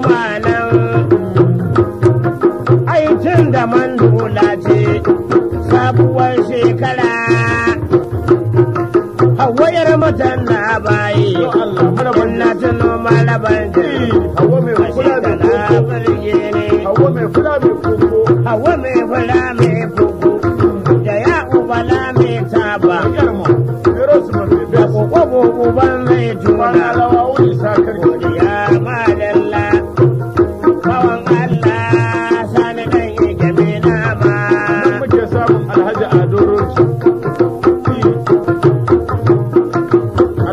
malam aikin da man dula ce sabuwar shekara hawayar mutan na bayi kunna ta noma laban ji hawa mai kula mai koko da ya ubala mai taba da koko uban mai tuna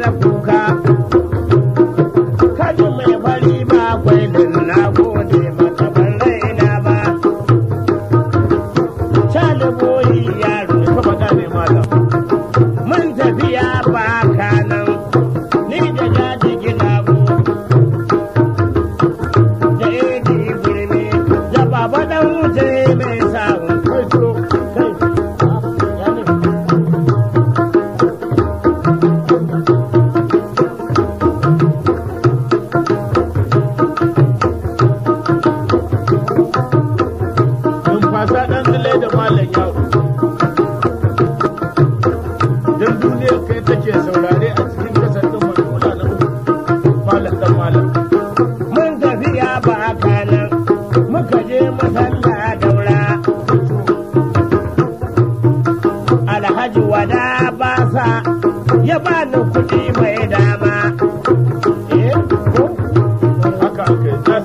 la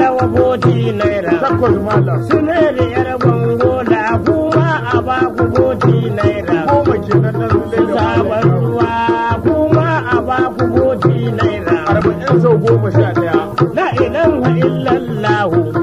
rawa boti naira sunere yar bango da kuma a baku boti naira sabon ruwa kuma a baku boti naira arba'in sau goma sha illallahu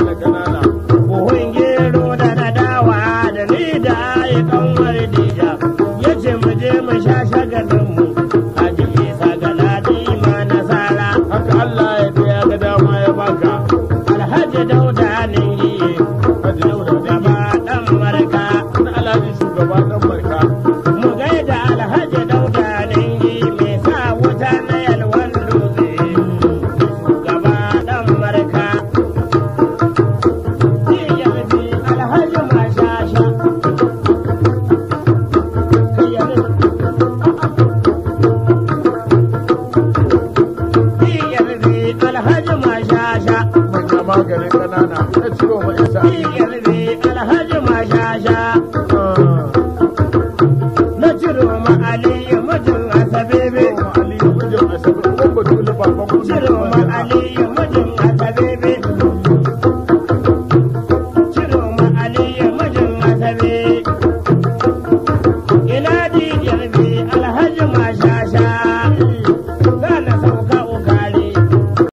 buhun gero da na dawa da ni da ya kanwar dija ya ce mu mu sha shagalin nasara Allah alhaji mashasha. Maka maganin ƙanana, ta ciro ma'isa.